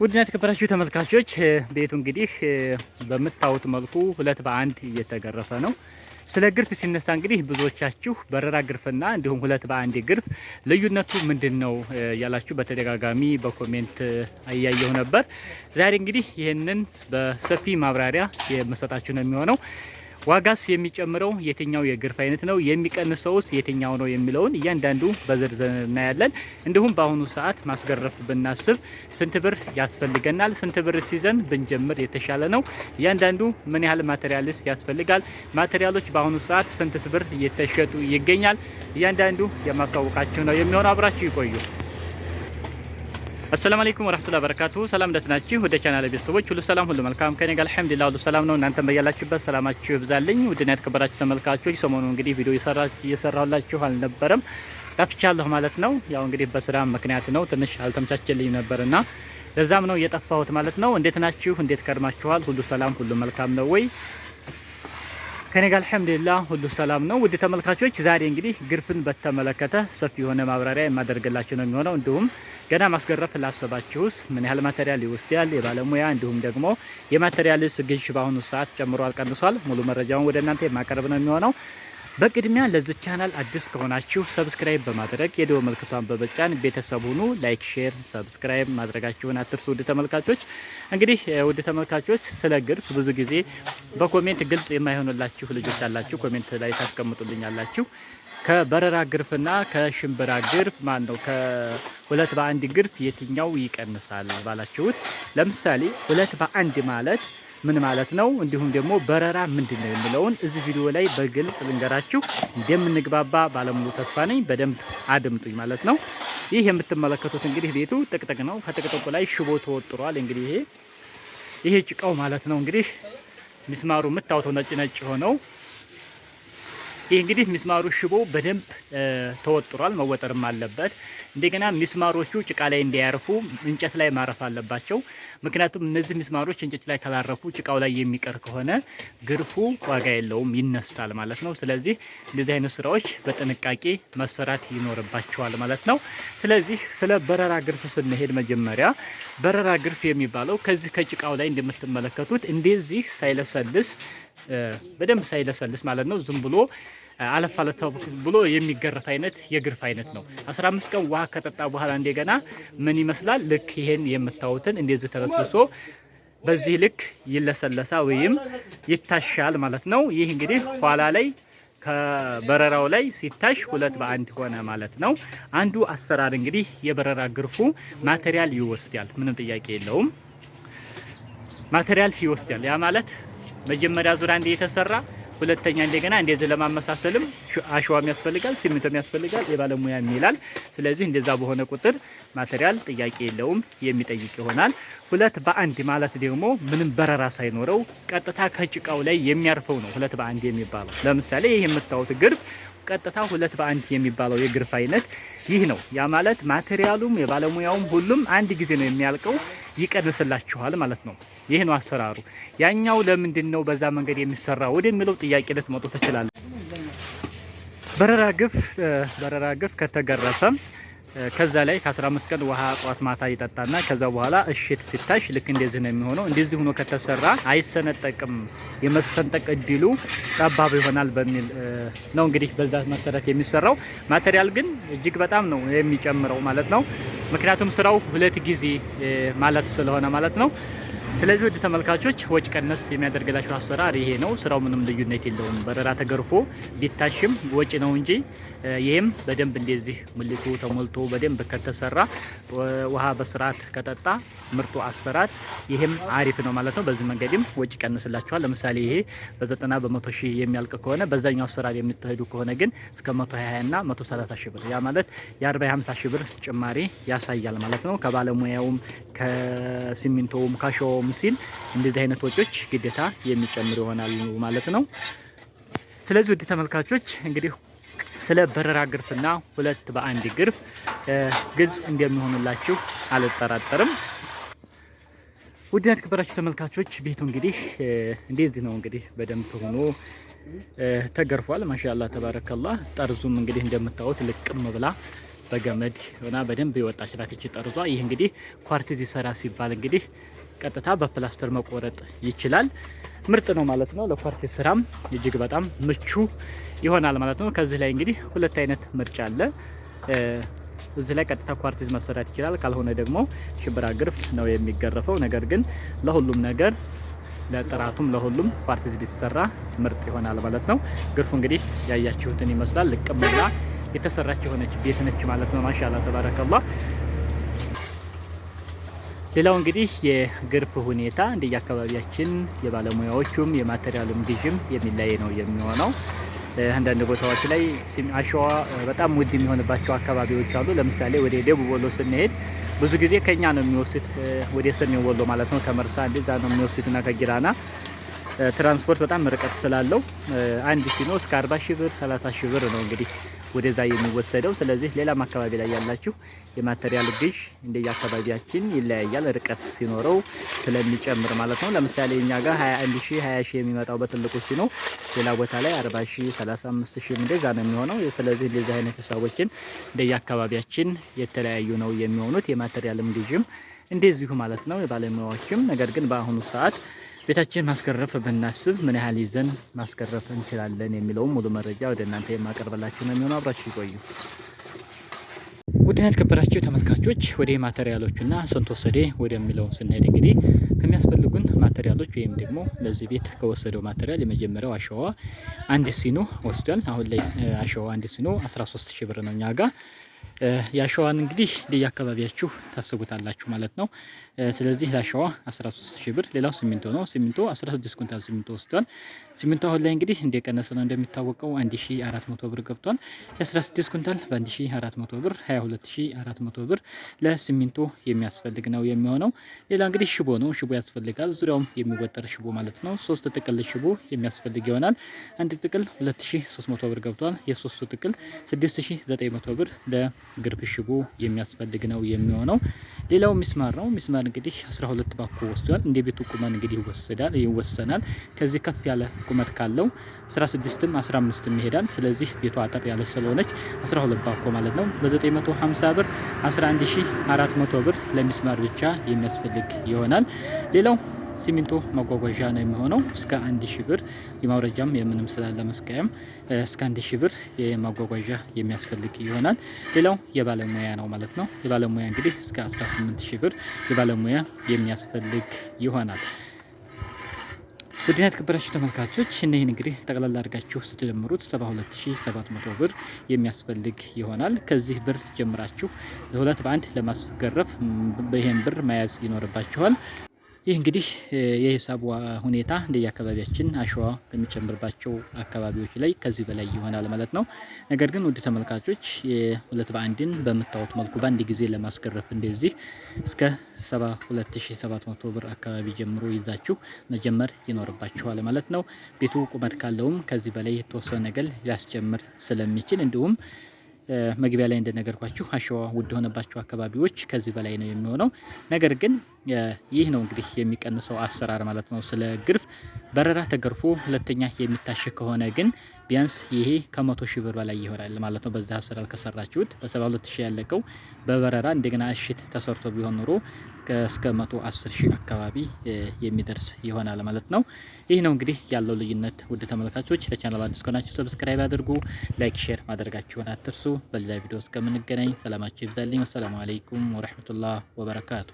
ውድና የተከበራችሁ ተመልካቾች ቤቱ እንግዲህ በምታዩት መልኩ ሁለት በአንድ እየተገረፈ ነው። ስለ ግርፍ ሲነሳ እንግዲህ ብዙዎቻችሁ በረራ ግርፍና እንዲሁም ሁለት በአንድ ግርፍ ልዩነቱ ምንድን ነው ያላችሁ በተደጋጋሚ በኮሜንት እያየሁ ነበር። ዛሬ እንግዲህ ይህንን በሰፊ ማብራሪያ የመሰጣችሁ ነው የሚሆነው። ዋጋስ የሚጨምረው የትኛው የግርፍ አይነት ነው? የሚቀንሰውስ የትኛው ነው የሚለውን እያንዳንዱ በዝርዝር እናያለን። እንዲሁም በአሁኑ ሰዓት ማስገረፍ ብናስብ ስንት ብር ያስፈልገናል? ስንት ብር ሲዘን ብንጀምር የተሻለ ነው? እያንዳንዱ ምን ያህል ማቴሪያልስ ያስፈልጋል? ማቴሪያሎች በአሁኑ ሰዓት ስንትስ ብር እየተሸጡ ይገኛል? እያንዳንዱ የማስታወቃችሁ ነው የሚሆነው። አብራችሁ ይቆዩ። አሰላሙ አለይኩም ወራህመቱላሂ ወበረካቱ። ሰላም እንደተናችሁ ወደ ቻናል ቤተሰቦች ሁሉ ሰላም ሁሉ መልካም ከኔ ጋር አልሐምዱሊላህ ሁሉ ሰላም ነው። እናንተም በያላችሁበት ሰላማችሁ ይብዛልኝ። ውድና የተከበራችሁ ተመልካቾች ሰሞኑን እንግዲህ ቪዲዮ እየሰራሁላችሁ አልነበረም ጠፍቻለሁ ማለት ነው። ያው እንግዲህ በስራ ምክንያት ነው ትንሽ አልተመቻቸልኝ ነበርና ለዛም ነው የጠፋሁት ማለት ነው። እንዴት ናችሁ? እንዴት ከርማችኋል? ሁሉ ሰላም ሁሉ መልካም ነው ወይ? ከኔ ጋር አልሐምዱሊላ ሁሉ ሰላም ነው። ውድ ተመልካቾች ዛሬ እንግዲህ ግርፍን በተመለከተ ሰፊ የሆነ ማብራሪያ የማደርግላችሁ ነው የሚሆነው። እንዲሁም ገና ማስገረፍ ላሰባችሁስ ምን ያህል ማቴሪያል ይወስዳል የባለሙያ እንዲሁም ደግሞ የማቴሪያል ግዥ በአሁኑ ሰዓት ጨምሯል፣ ቀንሷል? ሙሉ መረጃውን ወደ እናንተ የማቀርብ ነው የሚሆነው በቅድሚያ ለዚህ ቻናል አዲስ ከሆናችሁ ሰብስክራይብ በማድረግ የደወል ምልክቷን በመጫን ቤተሰብ ሁኑ። ላይክ፣ ሼር፣ ሰብስክራይብ ማድረጋችሁን አትርሱ። ውድ ተመልካቾች እንግዲህ ውድ ተመልካቾች ስለ ግርፍ ብዙ ጊዜ በኮሜንት ግልጽ የማይሆንላችሁ ልጆች አላችሁ፣ ኮሜንት ላይ ታስቀምጡልኛላችሁ። ከበረራ ግርፍና ከሽምብራ ግርፍ ማን ነው ከሁለት በአንድ ግርፍ የትኛው ይቀንሳል ባላችሁት፣ ለምሳሌ ሁለት በአንድ ማለት ምን ማለት ነው፣ እንዲሁም ደግሞ በረራ ምንድን ነው የሚለውን እዚህ ቪዲዮ ላይ በግልጽ ልንገራችሁ እንደምንግባባ ባለሙሉ ተስፋ ነኝ። በደንብ አድምጡኝ ማለት ነው። ይህ የምትመለከቱት እንግዲህ ቤቱ ጥቅጥቅ ነው። ከጥቅጥቁ ላይ ሽቦ ተወጥሯል። እንግዲህ ይሄ ይሄ ጭቃው ማለት ነው እንግዲህ ሚስማሩ የምታውተው ነጭ ነጭ ሆነው ይህ እንግዲህ ሚስማሩ ሽቦ በደንብ ተወጥሯል፣ መወጠርም አለበት። እንደገና ሚስማሮቹ ጭቃ ላይ እንዲያርፉ እንጨት ላይ ማረፍ አለባቸው። ምክንያቱም እነዚህ ሚስማሮች እንጨት ላይ ካላረፉ ጭቃው ላይ የሚቀር ከሆነ ግርፉ ዋጋ የለውም፣ ይነሳል ማለት ነው። ስለዚህ እንደዚህ አይነት ስራዎች በጥንቃቄ መሰራት ይኖርባቸዋል ማለት ነው። ስለዚህ ስለ በረራ ግርፍ ስንሄድ መጀመሪያ በረራ ግርፍ የሚባለው ከዚህ ከጭቃው ላይ እንደምትመለከቱት እንደዚህ ሳይለሰልስ በደንብ ሳይለሰልስ ማለት ነው። ዝም ብሎ አለፍ አለፍ ብሎ የሚገረፍ አይነት የግርፍ አይነት ነው። 15 ቀን ውሃ ከጠጣ በኋላ እንደገና ምን ይመስላል? ልክ ይሄን የምታዩትን እንደዚህ ተለስልሶ በዚህ ልክ ይለሰለሳ ወይም ይታሻል ማለት ነው። ይህ እንግዲህ ኋላ ላይ ከበረራው ላይ ሲታሽ ሁለት በአንድ ሆነ ማለት ነው። አንዱ አሰራር እንግዲህ የበረራ ግርፉ ማቴሪያል ይወስዳል፣ ምንም ጥያቄ የለውም። ማቴሪያል ይወስዳል ያ ማለት መጀመሪያ ዙሪያ አንዴ የተሰራ ሁለተኛ እንደገና እንደዚህ ለማመሳሰልም አሸዋም ያስፈልጋል፣ ሲሚንቶም ያስፈልጋል፣ የባለሙያም ይላል። ስለዚህ እንደዛ በሆነ ቁጥር ማቴሪያል ጥያቄ የለውም የሚጠይቅ ይሆናል። ሁለት በአንድ ማለት ደግሞ ምንም በረራ ሳይኖረው ቀጥታ ከጭቃው ላይ የሚያርፈው ነው ሁለት በአንድ የሚባለው። ለምሳሌ ይህ የምታዩት ግርፍ ቀጥታ ሁለት በአንድ የሚባለው የግርፍ አይነት ይህ ነው። ያ ማለት ማቴሪያሉም የባለሙያውም ሁሉም አንድ ጊዜ ነው የሚያልቀው። ይቀንስላችኋል ማለት ነው። ይህ ነው አሰራሩ። ያኛው ለምንድን ነው በዛ መንገድ የሚሰራ ወደሚለው ጥያቄ ልትመጡ ትችላለ። በረራ ግፍ በረራ ግፍ ከተገረፈ ከዛ ላይ ከ15 ቀን ውሃ ጧት ማታ ይጠጣና ከዛ በኋላ እሽት ሲታሽ ልክ እንደዚህ ነው የሚሆነው። እንደዚህ ሆኖ ከተሰራ አይሰነጠቅም፣ የመሰንጠቅ እድሉ ጠባብ ይሆናል በሚል ነው እንግዲህ በዛ መሰረት የሚሰራው። ማቴሪያል ግን እጅግ በጣም ነው የሚጨምረው ማለት ነው። ምክንያቱም ስራው ሁለት ጊዜ ማለት ስለሆነ ማለት ነው። ስለዚህ ውድ ተመልካቾች ወጭ ቀነስ የሚያደርግላችሁ አሰራር ይሄ ነው። ስራው ምንም ልዩነት የለውም። በረራ ተገርፎ ቢታሽም ወጭ ነው እንጂ ይሄም በደንብ እንደዚህ ሙልቱ ተሞልቶ በደንብ ከተሰራ ውሃ በስርዓት ከጠጣ ምርጡ አሰራር ይሄም አሪፍ ነው ማለት ነው። በዚህ መንገድም ወጭ ቀንስላችኋል። ለምሳሌ ይሄ በዘጠና በመቶ ሺህ የሚያልቅ ከሆነ በዛኛው አሰራር የምትሄዱ ከሆነ ግን እስከ መቶ ሀያ ና መቶ ሰላሳ ሺህ ብር ያ ማለት የአርባ የሀምሳ ሺህ ብር ጭማሪ ያሳያል ማለት ነው። ከባለሙያውም ከሲሚንቶውም ካሸውም ቆም ሲል እንደዚህ አይነት ወጪዎች ግዴታ የሚጨምሩ ይሆናሉ ማለት ነው። ስለዚህ ውድ ተመልካቾች እንግዲህ ስለ በረራ ግርፍና ሁለት በአንድ ግርፍ ግልጽ እንደሚሆንላችሁ አልጠራጠርም። ውድነት የተከበራችሁ ተመልካቾች ቤቱ እንግዲህ እንደዚህ ነው። እንግዲህ በደንብ ሆኖ ተገርፏል። ማሻላ ተባረከላ። ጠርዙም እንግዲህ እንደምታዩት ልቅም ብላ በገመድ ሆና በደንብ የወጣች ናት ይቺ ጠርዟ። ይህ እንግዲህ ኳርቲዝ ይሰራ ሲባል እንግዲህ ቀጥታ በፕላስተር መቆረጥ ይችላል። ምርጥ ነው ማለት ነው። ለኳርቲዝ ስራም እጅግ በጣም ምቹ ይሆናል ማለት ነው። ከዚህ ላይ እንግዲህ ሁለት አይነት ምርጫ አለ። እዚህ ላይ ቀጥታ ኳርቲዝ መሰራት ይችላል። ካልሆነ ደግሞ ሽብራ ግርፍ ነው የሚገረፈው። ነገር ግን ለሁሉም ነገር ለጥራቱም ለሁሉም ኳርቲዝ ቢሰራ ምርጥ ይሆናል ማለት ነው። ግርፉ እንግዲህ ያያችሁትን ይመስላል። ልቅም ብላ የተሰራች የሆነች ቤት ነች ማለት ነው። ማሻላ ተባረከላ ሌላው እንግዲህ የግርፍ ሁኔታ እንደየአካባቢያችን የባለሙያዎቹም የማቴሪያሉም ግዥም የሚለያይ ነው የሚሆነው። አንዳንድ ቦታዎች ላይ አሸዋ በጣም ውድ የሚሆንባቸው አካባቢዎች አሉ። ለምሳሌ ወደ ደቡብ ወሎ ስንሄድ ብዙ ጊዜ ከኛ ነው የሚወስድ፣ ወደ ሰሜን ወሎ ማለት ነው ከመርሳ እንደዛ ነው እና ከጊራና ትራንስፖርት በጣም ርቀት ስላለው አንድ ሲኖ እስከ 40 ብር 30 ብር ነው እንግዲህ ወደዛ የሚወሰደው። ስለዚህ ሌላም አካባቢ ላይ ያላችሁ የማቴሪያል ግዥ እንደየአካባቢያችን ይለያያል፣ ርቀት ሲኖረው ስለሚጨምር ማለት ነው። ለምሳሌ እኛ ጋር 21 ሺ 20 ሺህ የሚመጣው በትልቁ ሲኖ፣ ሌላ ቦታ ላይ 40 ሺ 35 ሺህ እንደዛ ነው የሚሆነው። ስለዚህ እንደዚህ አይነት ሂሳቦችን እንደየአካባቢያችን የተለያዩ ነው የሚሆኑት የማቴሪያልም ግዥም እንደዚሁ ማለት ነው የባለሙያዎችም ነገር ግን በአሁኑ ሰዓት ቤታችን ማስገረፍ ብናስብ ምን ያህል ይዘን ማስገረፍ እንችላለን የሚለውም ሙሉ መረጃ ወደ እናንተ የማቀርበላችሁ ነው የሚሆነው። አብራችሁ ይቆዩ። ውድነት ከበራችሁ ተመልካቾች ወደ ማቴሪያሎቹና ስንት ወሰደ ወደሚለው ስንሄድ እንግዲህ ከሚያስፈልጉን ማቴሪያሎች ወይም ደግሞ ለዚህ ቤት ከወሰደው ማቴሪያል የመጀመሪያው አሸዋ አንድ ሲኖ ወስዷል። አሁን ላይ አሸዋ አንድ ሲኖ 13 ሺ ብር ነው እኛ ጋር ያሸዋን እንግዲህ አካባቢያችሁ ታስቡታላችሁ ማለት ነው። ስለዚህ ያሸዋ 13000 ብር፣ ሌላው ሲሚንቶ ነው። ሲሚንቶ 16 ኩንታል ሲሚንቶ ወስዷል። ሲሚንቶ አሁን ላይ እንግዲህ እንደቀነሰ ነው እንደሚታወቀው 1400 ብር ገብቷል። የ16 ኩንታል በ1400 ብር 22400 ብር ለሲሚንቶ የሚያስፈልግ ነው የሚሆነው። ሌላ እንግዲህ ሽቦ ነው፣ ሽቦ ያስፈልጋል። ዙሪያውም የሚወጠር ሽቦ ማለት ነው። ሶስት ጥቅል ሽቦ የሚያስፈልግ ይሆናል። አንድ ጥቅል 2300 ብር ገብቷል። የሶስቱ ጥቅል 6900 ብር ለግርፍ ሽቦ የሚያስፈልግ ነው የሚሆነው። ሌላው ሚስማር ነው። ሚስማር እንግዲህ 12 ባኮ ወስዷል። እንደ ቤቱ ቁመን እንግዲህ ይወሰዳል ይወሰናል። ከዚህ ከፍ ያለ ቁመት ካለው 16ም 15ም ይሄዳል። ስለዚህ ቤቱ አጠር ያለ ስለሆነች 12 ባኮ ማለት ነው። በ950 ብር 11400 ብር ለሚስማር ብቻ የሚያስፈልግ ይሆናል። ሌላው ሲሚንቶ መጓጓዣ ነው የሚሆነው። እስከ አንድ ሺ ብር የማውረጃም የምንም ስላለ መስቀያም እስከ አንድ ሺ ብር የማጓጓዣ የሚያስፈልግ ይሆናል። ሌላው የባለሙያ ነው ማለት ነው። የባለሙያ እንግዲህ እስከ 18 ሺ ብር የባለሙያ የሚያስፈልግ ይሆናል። ውድና የተከበራችሁ ተመልካቾች እነህን እንግዲህ ጠቅላላ አድርጋችሁ ስትጀምሩት 72700 ብር የሚያስፈልግ ይሆናል። ከዚህ ብር ጀምራችሁ ሁለት በአንድ ለማስገረፍ ይህን ብር መያዝ ይኖርባችኋል። ይህ እንግዲህ የሂሳቡ ሁኔታ የአካባቢያችን አሸዋ በሚጨምርባቸው አካባቢዎች ላይ ከዚህ በላይ ይሆናል ማለት ነው። ነገር ግን ውድ ተመልካቾች ሁለት በአንድን በምታወት መልኩ በአንድ ጊዜ ለማስገረፍ እንደዚህ እስከ 72700 ብር አካባቢ ጀምሮ ይዛችሁ መጀመር ይኖርባችኋል ማለት ነው። ቤቱ ቁመት ካለውም ከዚህ በላይ የተወሰነ ገል ሊያስጨምር ስለሚችል እንዲሁም መግቢያ ላይ እንደነገርኳችሁ አሸዋ ውድ የሆነባቸው አካባቢዎች ከዚህ በላይ ነው የሚሆነው። ነገር ግን ይህ ነው እንግዲህ የሚቀንሰው አሰራር ማለት ነው። ስለ ግርፍ በረራ ተገርፎ ሁለተኛ የሚታሽ ከሆነ ግን ቢያንስ ይሄ ከመቶ ሺህ ብር በላይ ይሆናል ማለት ነው። በዚህ አሰራር ከሰራችሁት በ72 ሺህ ያለቀው በበረራ እንደገና እሽት ተሰርቶ ቢሆን ኑሮ እስከ 110 ሺህ አካባቢ የሚደርስ ይሆናል ማለት ነው። ይህ ነው እንግዲህ ያለው ልዩነት። ውድ ተመልካቾች ለቻናል አዲስ ከሆናችሁ ሰብስክራይብ አድርጉ፣ ላይክ፣ ሼር ማድረጋችሁን አትርሱ። በሌላ ቪዲዮ እስከምንገናኝ ሰላማችሁ ይብዛልኝ። ወሰላሙ አለይኩም ወረህመቱላህ ወበረካቱ